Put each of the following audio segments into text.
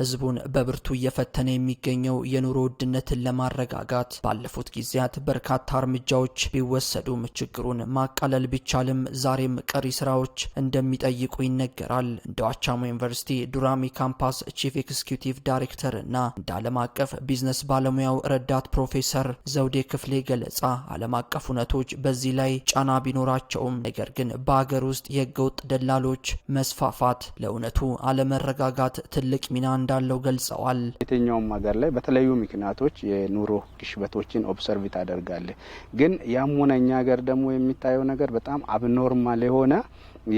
ህዝቡን በብርቱ እየፈተነ የሚገኘው የኑሮ ውድነትን ለማረጋጋት ባለፉት ጊዜያት በርካታ እርምጃዎች ቢወሰዱም ችግሩን ማቃለል ቢቻልም ዛሬም ቀሪ ስራዎች እንደሚጠይቁ ይነገራል። እንደ ዋቻሞ ዩኒቨርሲቲ ዱራሚ ካምፓስ ቺፍ ኤክስኪዩቲቭ ዳይሬክተር እና እንደ ዓለም አቀፍ ቢዝነስ ባለሙያው ረዳት ፕሮፌሰር ዘውዴ ክፍሌ ገለጻ ዓለም አቀፍ እውነቶች በዚህ ላይ ጫና ቢኖራቸውም ነገር ግን በአገር ውስጥ የህገወጥ ደላሎች መስፋፋት ለእውነቱ አለመረጋጋት ትልቅ ሚና። እንዳለው ገልጸዋል። የትኛውም ሀገር ላይ በተለያዩ ምክንያቶች የኑሮ ግሽበቶችን ኦብሰርቭ ታደርጋለ። ግን ያም ሆነ እኛ ሀገር ደግሞ የሚታየው ነገር በጣም አብኖርማል የሆነ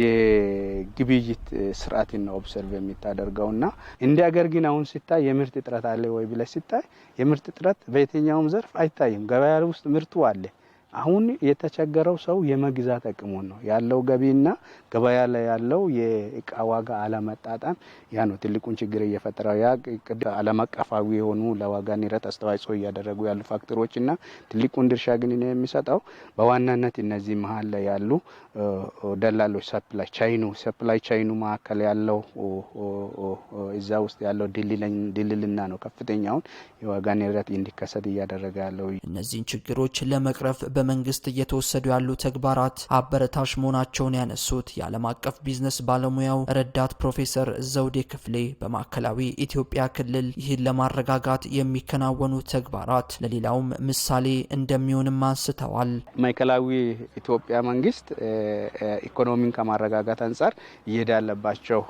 የግብይት ስርዓትና ኦብሰርቭ የሚታደርገው ና እንዲ ሀገር ግን አሁን ሲታይ የምርት እጥረት አለ ወይ ብለ ሲታይ የምርት እጥረት በየትኛውም ዘርፍ አይታይም። ገበያ ውስጥ ምርቱ አለ። አሁን የተቸገረው ሰው የመግዛት አቅሙን ነው ያለው ገቢና ገበያ ላይ ያለው የእቃ ዋጋ አለመጣጣም ያ ነው ትልቁን ችግር እየፈጠረ ያ ዓለም አቀፋዊ የሆኑ ለዋጋ ንረት አስተዋጽኦ እያደረጉ ያሉ ፋክተሮችና ትልቁን ድርሻ ግን የሚሰጠው በዋናነት እነዚህ መሀል ላይ ያሉ ደላሎች ሰፕላይ ቻይኑ ሰፕላይ ቻይኑ መካከል ያለው እዛ ውስጥ ያለው ድልልና ነው ከፍተኛውን የዋጋ ንረት እንዲከሰት እያደረገ ያለው እነዚህን ችግሮች ለመቅረፍ በመንግስት እየተወሰዱ ያሉ ተግባራት አበረታሽ መሆናቸውን ያነሱት የዓለም አቀፍ ቢዝነስ ባለሙያው ረዳት ፕሮፌሰር ዘውዴ ክፍሌ በማዕከላዊ ኢትዮጵያ ክልል ይህን ለማረጋጋት የሚከናወኑ ተግባራት ለሌላውም ምሳሌ እንደሚሆንም አንስተዋል። ማዕከላዊ ኢትዮጵያ መንግስት ኢኮኖሚን ከማረጋጋት አንጻር እየሄደ ያለባቸው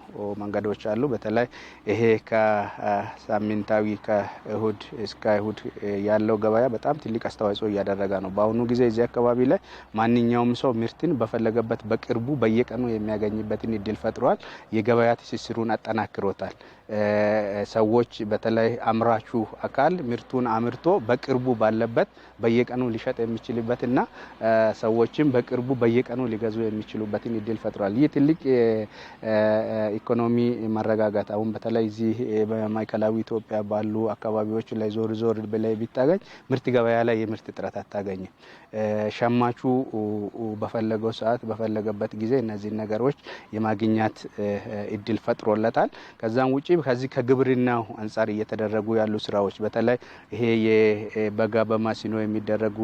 መንገዶች አሉ። በተለይ ይሄ ከሳምንታዊ ከእሁድ እስከ እሁድ ያለው ገበያ በጣም ትልቅ አስተዋጽኦ እያደረገ ነው በአሁኑ ጊዜ ጊዜ እዚህ አካባቢ ላይ ማንኛውም ሰው ምርትን በፈለገበት በቅርቡ በየቀኑ የሚያገኝበትን እድል ፈጥሯል። የገበያ ትስስሩን አጠናክሮታል። ሰዎች በተለይ አምራቹ አካል ምርቱን አምርቶ በቅርቡ ባለበት በየቀኑ ሊሸጥ የሚችልበት እና ሰዎችም በቅርቡ በየቀኑ ሊገዙ የሚችሉበትን እድል ፈጥሯል። ይህ ትልቅ ኢኮኖሚ መረጋጋት አሁን በተለይ እዚህ በማዕከላዊ ኢትዮጵያ ባሉ አካባቢዎች ላይ ዞር ዞር ብላይ ቢታገኝ ምርት ገበያ ላይ የምርት እጥረት አታገኝም። ሸማቹ በፈለገው ሰዓት በፈለገበት ጊዜ እነዚህን ነገሮች የማግኛት እድል ፈጥሮለታል። ከዛም ውጭ ከዚህ ከግብርናው አንጻር እየተደረጉ ያሉ ስራዎች በተለይ ይሄ የበጋ በማሲኖ የሚደረጉ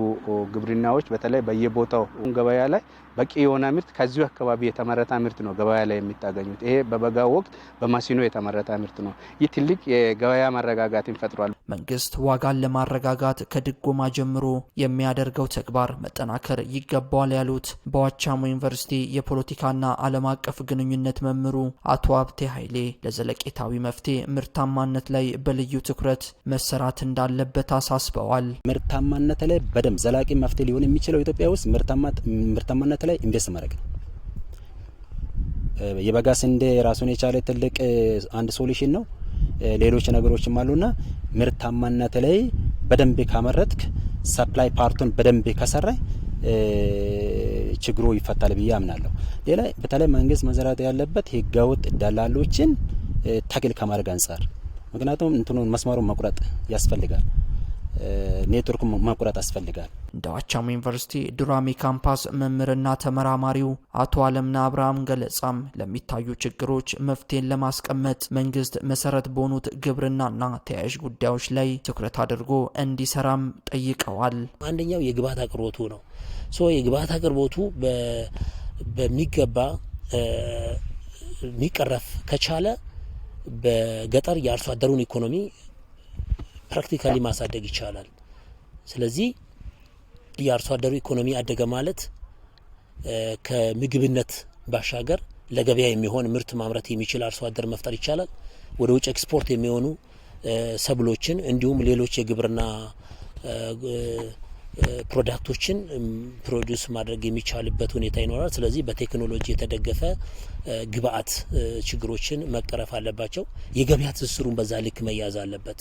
ግብርናዎች በተለይ በየቦታው ገበያ ላይ በቂ የሆነ ምርት ከዚሁ አካባቢ የተመረተ ምርት ነው ገበያ ላይ የሚታገኙት። ይሄ በበጋ ወቅት በማሲኖ የተመረተ ምርት ነው። ይህ ትልቅ የገበያ መረጋጋትን ፈጥሯል። መንግስት ዋጋን ለማረጋጋት ከድጎማ ጀምሮ የሚያደርገው ተግባር መጠናከር ይገባዋል ያሉት በዋቻሞ ዩኒቨርሲቲ የፖለቲካና ዓለም አቀፍ ግንኙነት መምህሩ አቶ ሀብቴ ኃይሌ ለዘለቄታዊ መፍትሄ ምርታማነት ላይ በልዩ ትኩረት መሰራት እንዳለበት አሳስበዋል። ምርታማነት ላይ በደም ዘላቂ መፍትሄ ሊሆን የሚችለው ኢትዮጵያ ውስጥ ምርታማነት ላይ ኢንቨስት ማድረግ ነው። የበጋ ስንዴ ራሱን የቻለ ትልቅ አንድ ሶሉሽን ነው። ሌሎች ነገሮችም አሉና ምርታማነት ላይ በደንብ ካመረትክ ሰፕላይ ፓርቱን በደንብ ከሰራ ችግሩ ይፈታል ብዬ አምናለሁ። ሌላ በተለይ መንግስት መዘራት ያለበት ህገወጥ ደላሎችን ታግል ከማድረግ አንጻር ምክንያቱም እንትኑን መስመሩን መቁረጥ ያስፈልጋል። ኔትወርኩን ማቁረጥ ያስፈልጋል። እንደ ዋቸሞ ዩኒቨርሲቲ ዱራሜ ካምፓስ መምህርና ተመራማሪው አቶ አለምና አብርሃም ገለጻም ለሚታዩ ችግሮች መፍትሄን ለማስቀመጥ መንግስት መሰረት በሆኑት ግብርናና ተያያዥ ጉዳዮች ላይ ትኩረት አድርጎ እንዲሰራም ጠይቀዋል። አንደኛው የግብዓት አቅርቦቱ ነው። ሶ የግብዓት አቅርቦቱ በሚገባ ሊቀረፍ ከቻለ በገጠር የአርሶ አደሩን ኢኮኖሚ ፕራክቲካሊ ማሳደግ ይቻላል። ስለዚህ የአርሶ አደሩ ኢኮኖሚ አደገ ማለት ከምግብነት ባሻገር ለገበያ የሚሆን ምርት ማምረት የሚችል አርሶ አደር መፍጠር ይቻላል። ወደ ውጭ ኤክስፖርት የሚሆኑ ሰብሎችን እንዲሁም ሌሎች የግብርና ፕሮዳክቶችን ፕሮዲውስ ማድረግ የሚቻልበት ሁኔታ ይኖራል። ስለዚህ በቴክኖሎጂ የተደገፈ ግብአት ችግሮችን መቀረፍ አለባቸው። የገበያ ትስስሩን በዛ ልክ መያዝ አለበት።